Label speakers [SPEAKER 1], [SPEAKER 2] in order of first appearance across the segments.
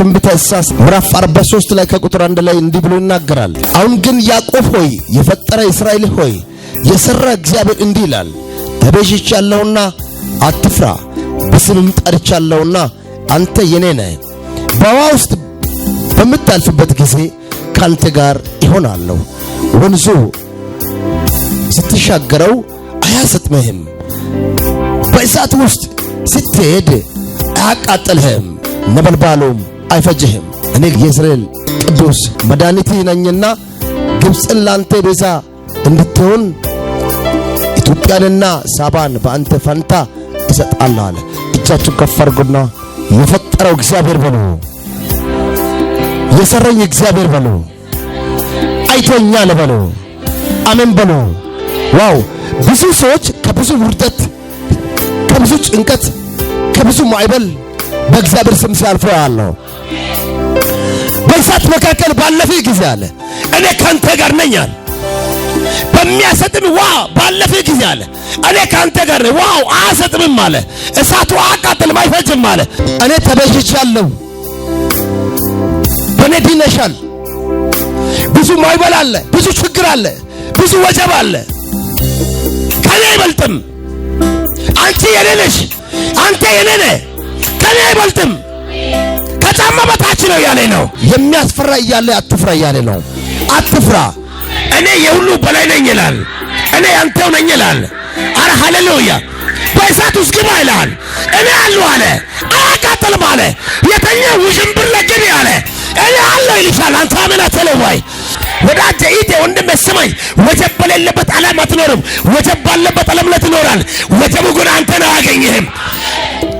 [SPEAKER 1] በትንቢተ ኢሳይያስ ምዕራፍ 43 ላይ ከቁጥር 1 ላይ እንዲህ ብሎ ይናገራል። አሁን ግን ያዕቆብ ሆይ የፈጠረ እስራኤል ሆይ የሰራ እግዚአብሔር እንዲህ ይላል፣ ተቤዥቻለሁና አትፍራ፣ በስምም ጠርቻለሁና አንተ የኔ ነህ። በውኃ ውስጥ በምታልፍበት ጊዜ ካንተ ጋር ይሆናለሁ፣ ወንዙ ስትሻገረው አያሰጥምህም፣ በእሳት ውስጥ ስትሄድ አያቃጥልህም፣ ነበልባሉም አይፈጅህም። እኔ የእስራኤል ቅዱስ መድኃኒት ነኝና ግብፅን ላንተ ቤዛ እንድትሆን ኢትዮጵያንና ሳባን በአንተ ፈንታ እሰጣለሁ አለ። እጃችሁን ከፍ አድርጉና የፈጠረው እግዚአብሔር በሉ፣ የሰረኝ እግዚአብሔር በሉ፣ አይቶኛል በሉ፣ አሜን በሉ። ዋው! ብዙ ሰዎች ከብዙ ውርደት፣ ከብዙ ጭንቀት፣ ከብዙ ማዕበል በእግዚአብሔር ስም ሲያልፈው ያለው በእሳት መካከል ባለፍህ ጊዜ አለ እኔ ካንተ ጋር ነኝ አለ። በሚያሰጥም ዋ ባለፍህ ጊዜ አለ እኔ ካንተ ጋር ነኝ። ዋው አያሰጥምም አለ፣ እሳቱ አያቃጥልም አይፈጅም አለ። እኔ ተበጅቻለሁ። በእኔ ድነሻል። ብዙ ማይበል አለ፣ ብዙ ችግር አለ፣ ብዙ ወጀብ አለ። ከኔ አይበልጥም። አንቺ የኔ ነሽ፣ አንተ የኔ ነህ። ከኔ አይበልጥም። ከጫማ በታች ነው እያለኝ ነው። የሚያስፈራ እያለ አትፍራ እያለ ነው። አትፍራ፣ እኔ የሁሉ በላይ ነኝ ይላል። እኔ ያንተው ነኝ ይላል። አረ ሃሌሉያ! በእሳት ውስጥ ግባ ይላል። እኔ አለሁ አለ። አያቃጥልም አለ። የተኛ ውዥንብር ለግብ አለ። እኔ አለሁ ይልሻል። አንተ አሜን አትለው ወዳጅ ወዳጄ እህቴ፣ ወንድሜ ስማኝ፣ ወጀብ በሌለበት ዓለም አትኖርም። ወጀብ ባለበት ዓለም ላይ ትኖራል። ወጀቡ ግን አንተን አያገኝህም።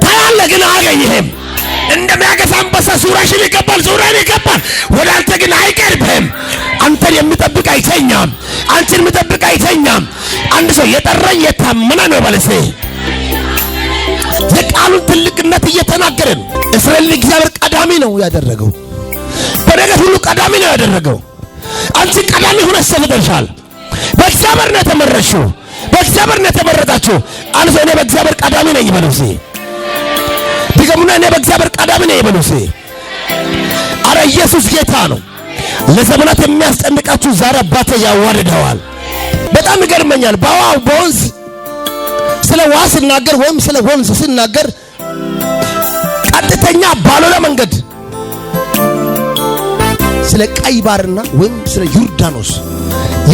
[SPEAKER 1] ታያለህ ግን አያገኝህም። እንደሚያገሳ አንበሳ ዙረሽን ይገባል፣ ዙረን ይገባል። ወደ አንተ ግን አይቀርብህም። አንተን የሚጠብቅ አይተኛም። አንቺን የሚጠብቅ አይተኛም። አንድ ሰው የጠራኝ የታመነ ነው ባለሰ የቃሉን ትልቅነት እየተናገረን እስራኤልን እግዚአብሔር ቀዳሚ ነው ያደረገው። በነገር ሁሉ ቀዳሚ ነው ያደረገው። አንቺ ቀዳሚ ሁነሽ ሰፍደርሻል። በእግዚአብሔር ነው የተመረሽው። በእግዚአብሔር ነው የተመረጣችሁ። አንሶ እኔ በእግዚአብሔር ቀዳሚ ነኝ ባለሰ ድገሙና እኔ በእግዚአብሔር ቀዳሚ ነኝ የበሉ አረ ኢየሱስ ጌታ ነው። ለዘመናት የሚያስጨንቃችሁ ዛሬ አባቴ ያዋርደዋል። በጣም ይገርመኛል። በዋው በወንዝ ስለ ውሃ ስናገር ወይም ስለ ወንዝ ስናገር ቀጥተኛ ባልሆነ መንገድ ስለ ቀይ ወይም ስለ ዮርዳኖስ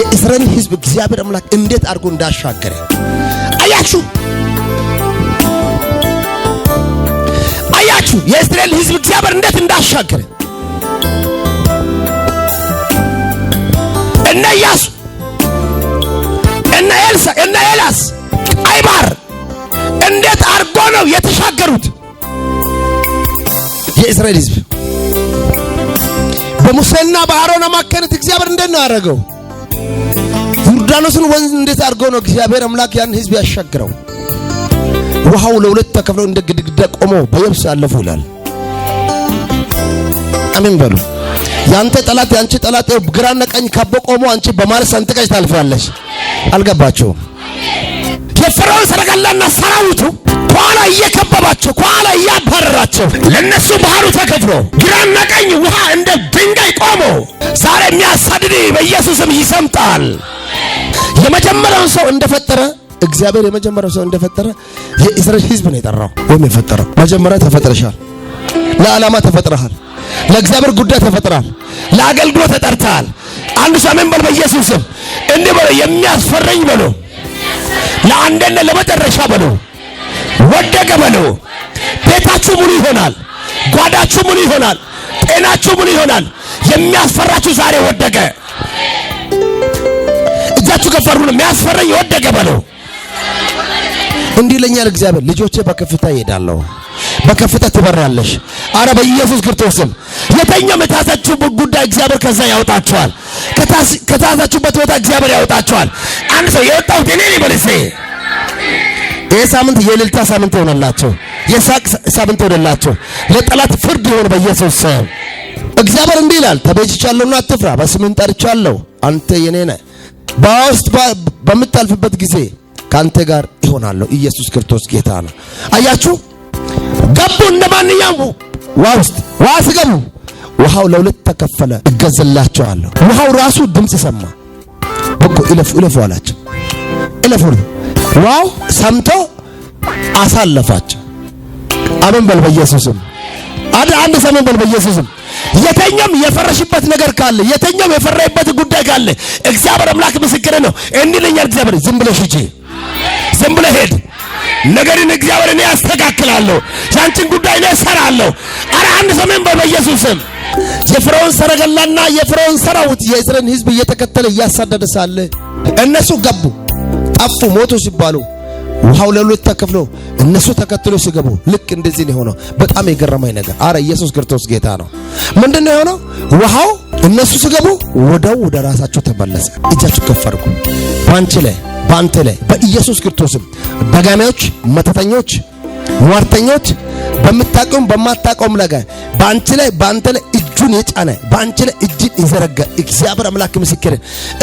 [SPEAKER 1] የእስራኤል ሕዝብ እግዚአብሔር አምላክ እንዴት አድርጎ እንዳሻገረ አያችሁ። አያችሁ የእስራኤል ሕዝብ እግዚአብሔር እንዴት እንዳሻገረ እነ ኢያሱ እነ ኤልሳ እነ ኤላስ ቀይ ባህር እንዴት አድርጎ ነው የተሻገሩት? የእስራኤል ሕዝብ በሙሴና በአሮን አማካኝነት እግዚአብሔር እንዴት ነው ያደረገው? ዮርዳኖስን ወንዝ እንዴት አድርጎ ነው እግዚአብሔር አምላክ ያን ሕዝብ ያሻግረው? ውሃው ለሁለት ተከፍሎ እንደ ግድግዳ ቆሞ በየብስ አለፉ ይላል። አሜን በሉ። ያንተ ጠላት ያንቺ ጠላት ግራና ቀኝ ካቦ ቆሞ አንቺ በማለት ሰንጥቀሽ ታልፋለሽ። አልገባችሁም? የፈርዖን ሰረገላና ሰራዊቱ ከኋላ እየከበባቸው ከኋላ እያባረራቸው ለነሱ ባህሩ ተከፍሎ ግራና ቀኝ ውሃ እንደ ድንጋይ ቆሞ ዛሬ የሚያሳድድ በኢየሱስም ይሰምጣል። የመጀመሪያውን ሰው እንደፈጠረ እግዚአብሔር የመጀመሪያው ሰው እንደፈጠረ የእስራኤል ህዝብ ነው የጠራው ወይም የፈጠረው። መጀመሪያ ተፈጥረሻል። ለዓላማ ተፈጥረሃል። ለእግዚአብሔር ጉዳይ ተፈጥረሃል። ለአገልግሎት ተጠርተሃል። አንዱ ሰሜን በል በኢየሱስ ስም እንዲህ በለው፣ የሚያስፈረኝ በለው፣ ለአንዴና ለመጨረሻ በለው፣ ወደቀ በለው። ቤታችሁ ሙሉ ይሆናል። ጓዳችሁ ሙሉ ይሆናል። ጤናችሁ ሙሉ ይሆናል። የሚያስፈራችሁ ዛሬ ወደቀ። እጃችሁ ከፈሩ የሚያስፈረኝ ወደቀ በለው። እንዲህ ለኛል እግዚአብሔር ልጆቼ በከፍታ ይሄዳለሁ፣ በከፍታ ትበራለሽ። አረ በኢየሱስ ክርስቶስም ስም የተኛው የታዛችሁበት ጉዳይ እግዚአብሔር ከዛ ያወጣችኋል። ከታዛችሁበት ቦታ እግዚአብሔር ያወጣችኋል። አንድ ሰው የወጣሁት እኔ ነኝ በለሴ። ይህ ሳምንት የእልልታ ሳምንት ይሆንላቸው፣ የሳቅ ሳምንት ይሆንላቸው፣ ለጠላት ፍርድ ይሆን በኢየሱስ ስም። እግዚአብሔር እንዲህ ይላል፣ ተቤዥቻለሁና አትፍራ፣ በስምህም ጠርቻለሁ፣ አንተ የኔ ነህ። በውስጥ በምታልፍበት ጊዜ ከአንተ ጋር ይሆናለሁ። ኢየሱስ ክርስቶስ ጌታ ነው። አያችሁ፣ ገቡ እንደ ማንኛውም ውሃ ውስጥ ውሃ ሲገቡ ውሃው ለሁለት ተከፈለ። እገዝላቸዋለሁ። ውሃው ራሱ ድምፅ ሰማ። በኮ እለፉ እለፉ አላቸው። እለፉ ውሃው ሰምቶ አሳለፋቸው። አሜን በል በኢየሱስም አንድ አንድ ሰሜን በል በኢየሱስም የተኛም የፈረሽበት ነገር ካለ የተኛም የፈረሽበት ጉዳይ ካለ እግዚአብሔር አምላክ ምስክር ነው። እንዲልኛል እግዚአብሔር ዝም ብለሽ ሂጂ ዝም ብለህ ሄድ። ነገርን እግዚአብሔር እኔ ያስተካክላለሁ፣ ያንቺን ጉዳይ እኔ እሰራለሁ። አረ አንድ ሰሜን በኢየሱስም ስም ሰረገላና የፈርዖን ሰራዊት የእስራኤልን ሕዝብ እየተከተለ እያሳደደ ሳለ እነሱ ገቡ፣ ጠፉ፣ ሞቱ ሲባሉ ውሃው ለሁለት ተከፍሎ እነሱ ተከትሎ ሲገቡ ልክ እንደዚህ ነው የሆነው። በጣም የገረመኝ ነገር አረ ኢየሱስ ክርስቶስ ጌታ ነው። ምንድነው ነው የሆነው ውሃው እነሱ ሲገቡ ወደው ወደ ራሳቸው ተመለሰ። እጃችሁ ከፈርኩ ባንቺ ላይ ባንተ ላይ በኢየሱስ ክርስቶስም ደጋሚዎች፣ መተተኞች፣ ሟርተኞች በምታቀም በማታቀም ነገር ባንቺ ላይ ባንተ ላይ እጁን የጫነ ባንቺ ላይ እጅን ይዘረጋ እግዚአብሔር አምላክ ምስክር።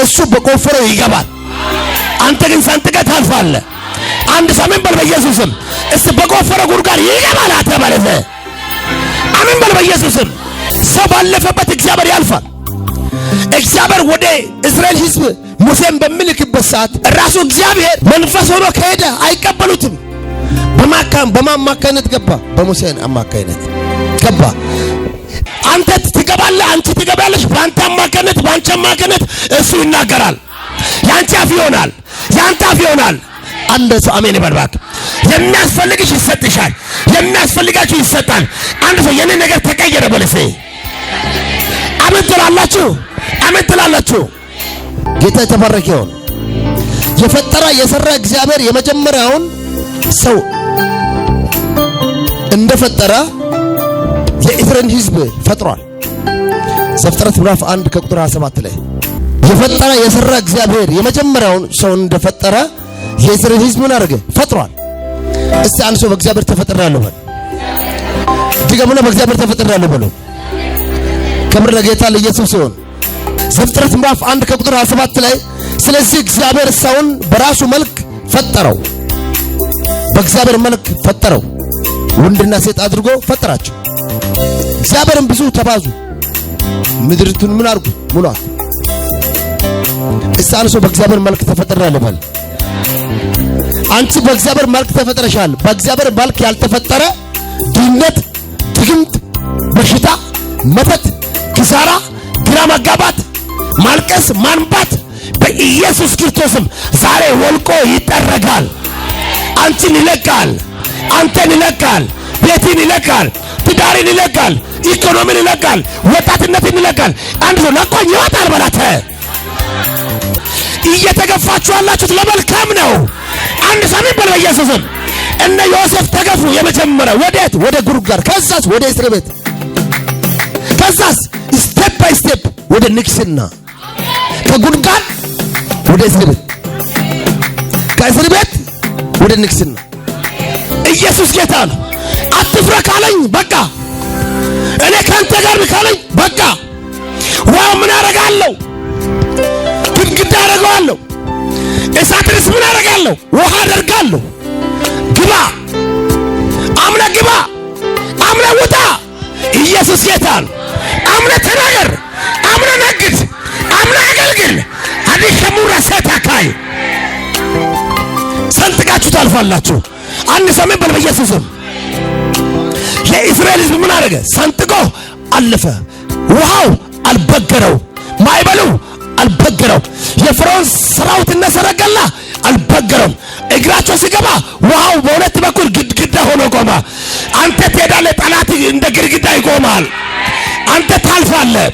[SPEAKER 1] እሱ በቆፈረው ይገባል። አንተ ግን ሰንጥቀ ታልፋለህ። አንድ ሰምን በል በኢየሱስም። እሱ በቆፈረው ጉድጓድ ይገባል። አትበለዘ አሜን በል በኢየሱስም ሰው ባለፈበት እግዚአብሔር ያልፋል። እግዚአብሔር ወደ እስራኤል ሕዝብ ሙሴን በሚልክበት ሰዓት ራሱ እግዚአብሔር መንፈስ ሆኖ ከሄደ አይቀበሉትም። በማካም በማን ገባ? በሙሴን አማካይነት ገባ። አንተ ትገባለህ፣ አንቺ ትገባለሽ። በአንተ አማካይነት፣ በአንቺ አማካይነት እሱ ይናገራል። ያንቺ አፍ ይሆናል፣ ያንተ አፍ ይሆናል። አንድ ሰው አሜን ይበልባክ። የሚያስፈልግሽ ይሰጥሻል፣ የሚያስፈልጋችሁ ይሰጣል። አንድ ሰው የኔ ነገር በለሴ አሜን ትላላችሁ። አሜን ትላላችሁ። ጌታ የተባረከ ይሁን። የፈጠረ የሰራ እግዚአብሔር የመጀመሪያውን ሰው እንደፈጠረ የኢስራኤል ህዝብ ፈጥሯል። ዘፍጥረት ምዕራፍ 1 ከቁጥር 27 ላይ የፈጠረ የሰራ እግዚአብሔር የመጀመሪያውን ሰው እንደፈጠረ የኢስራኤል ሕዝብ ምን ፈጥሯል። እስቲ አንድ ሰው በእግዚአብሔር ተፈጥሬያለሁ በል ከአንቺ ጋር ሆነ በእግዚአብሔር ተፈጥሬያለሁ በለው። ክብር ለጌታ ለኢየሱስ ሲሆን ዘፍጥረት ምዕራፍ አንድ ከቁጥር 27 ላይ ስለዚህ እግዚአብሔር ሰውን በራሱ መልክ ፈጠረው፣ በእግዚአብሔር መልክ ፈጠረው፣ ወንድና ሴት አድርጎ ፈጠራቸው። እግዚአብሔርም ብዙ ተባዙ፣ ምድርቱን ምን አድርጉ ሙሏት። ሕፃን ሰው በእግዚአብሔር መልክ ተፈጥሬያለሁ በል። አንቺ በእግዚአብሔር መልክ ተፈጥረሻል። በእግዚአብሔር መልክ ያልተፈጠረ ድነት ድግምት፣ በሽታ፣ መተት፣ ኪሳራ፣ ግራ መጋባት፣ ማልቀስ፣ ማንባት በኢየሱስ ክርስቶስም ዛሬ ወልቆ ይጠረጋል። አንቺን ይለቃል። አንተን ይለቃል። ቤትን ይለቃል። ትዳርን ይለቃል። ኢኮኖሚን ይለቃል። ወጣትነትን ይለቃል። አንድ ሰው ለቆኝ ይወጣል በላተ እየተገፋችሁ ያላችሁት ለመልካም ነው። አንድ ሰው ይበል በኢየሱስም እነ ዮሴፍ ተገፉ። የመጀመሪያ ወዴት? ወደ ጉድጓድ። ከዛስ ወደ እስር ቤት። ከዛስ ስቴፕ ባይ ስቴፕ ወደ ንግስና፣ ከጉድጓድ ወደ እስር ቤት፣ ከእስር ቤት ወደ ንግስና። ኢየሱስ ጌታ ነው። አትፍራ ካለኝ በቃ እኔ ካንተ ጋር ካለኝ በቃ ዋው ምን አረጋለሁ? ግድግዳ አረጋለሁ። እሳትንስ ምን አረጋለሁ? ውሃ አደርጋለሁ። ግባ፣ አምነ ግባ፣ አምነ ውጣ። ኢየሱስ ጌታ ነው። አምነ ተናገር፣ አምነ ነግድ፣ አምነ አገልግል። አዲስ ሸሙራ ሰት አካይ ሰንጥቃችሁ ታልፋላችሁ። አንድ ሰሜን በል በኢየሱስም የእስራኤል ሕዝብ ምን አደረገ? ሰንጥቆ አለፈ። ውሃው አልበገረው፣ ማዕበሉ አልበገረው። የፈርዖን ሰራዊትና ሰረገላ አልበገረም። እግራቸው ሲገባ ውሃው በሁለት በኩል ግድግዳ ሆኖ ቆመ። አንተ ትሄዳለህ፣ ጠላት እንደ ግድግዳ ይቆማል። አንተ ታልፋለህ፣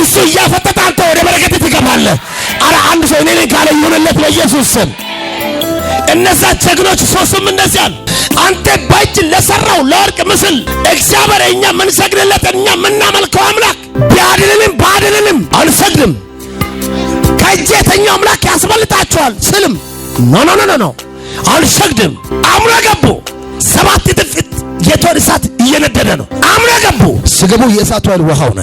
[SPEAKER 1] እሱ እያፈጠጠ አንተ ወደ በረከት ትገባለህ። አረ አንድ ሰው እኔ ካለ ይሁንለት በኢየሱስ ስም። እነዛ ጀግኖች ሶስቱም እነዚያን አንተ በእጅ ለሰራው ለወርቅ ምስል እግዚአብሔር እኛ የምንሰግድለት እኛ የምናመልከው አምላክ ቢያድልንም ባድልንም አንሰግድም። ከእጄ የተኛው አምላክ ያስበልጣቸዋል ስልም ኖ ኖ ኖ ኖ አልሰግድም። አምኖ ገቡ። ሰባት እጥፍ የእቶን እሳት እየነደደ ነው። አምኖ ገቡ። ስገቡ የእሳቱ ኃይል ውሃ ሆነ።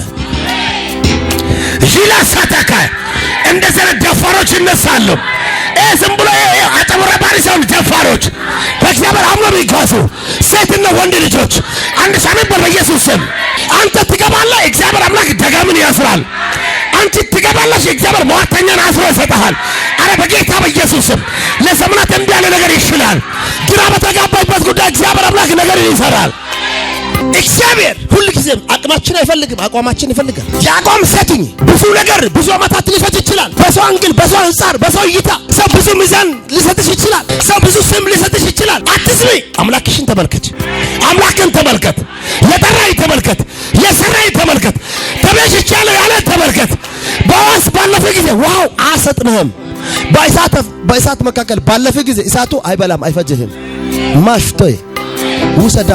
[SPEAKER 1] ይላ ሳታካ እንደዚህ ዓይነት ደፋሮች ይነሳሉ። ዝም ብሎ አጭበርባሪ ሰው ደፋሮች በእግዚአብሔር አምኖ የሚጓዙ ሴትና ወንድ ልጆች አንድ ሳምንት በኢየሱስ ስም አንተ ትገባለህ። እግዚአብሔር አምላክ ደጋምን ያስራል። አንቺ ትገባለሽ። እግዚአብሔር ሟርተኛን አስሮ ይሰጥሃል። አረ በጌታ በኢየሱስም ለዘመናት እንዲህ ያለ ነገር ይሽላል። ግራ በተጋባበት ጉዳይ እግዚአብሔር አምላክ ነገር ይሰራል። እግዚአብሔር ሁልጊዜም አቅማችን አይፈልግም፣ አቋማችን ይፈልጋል። የአቋም ሴቲኝ ብዙ ነገር ብዙ አመታት ሊሰጥ ይችላል። በሰው አንግል፣ በሰው አንጻር፣ በሰው እይታ ሰው ብዙ ሚዛን ሊሰጥሽ ይችላል። ሰው ብዙ ስም ሊሰጥሽ ይችላል። አትስሚ። አምላክሽን ተመልከች። አምላክን ተመልከት። የጠራይ ተመልከት። የሰራይ ተመልከት። ተቤዥቻለሁ ያለ ተመልከት። በዋስ ባለፈ ጊዜ ዋው አሰጥንህም በእሳት መካከል ባለፈ ጊዜ እሳቱ አይበላም አይፈጅህም። ማሽቶይ ውሰዳ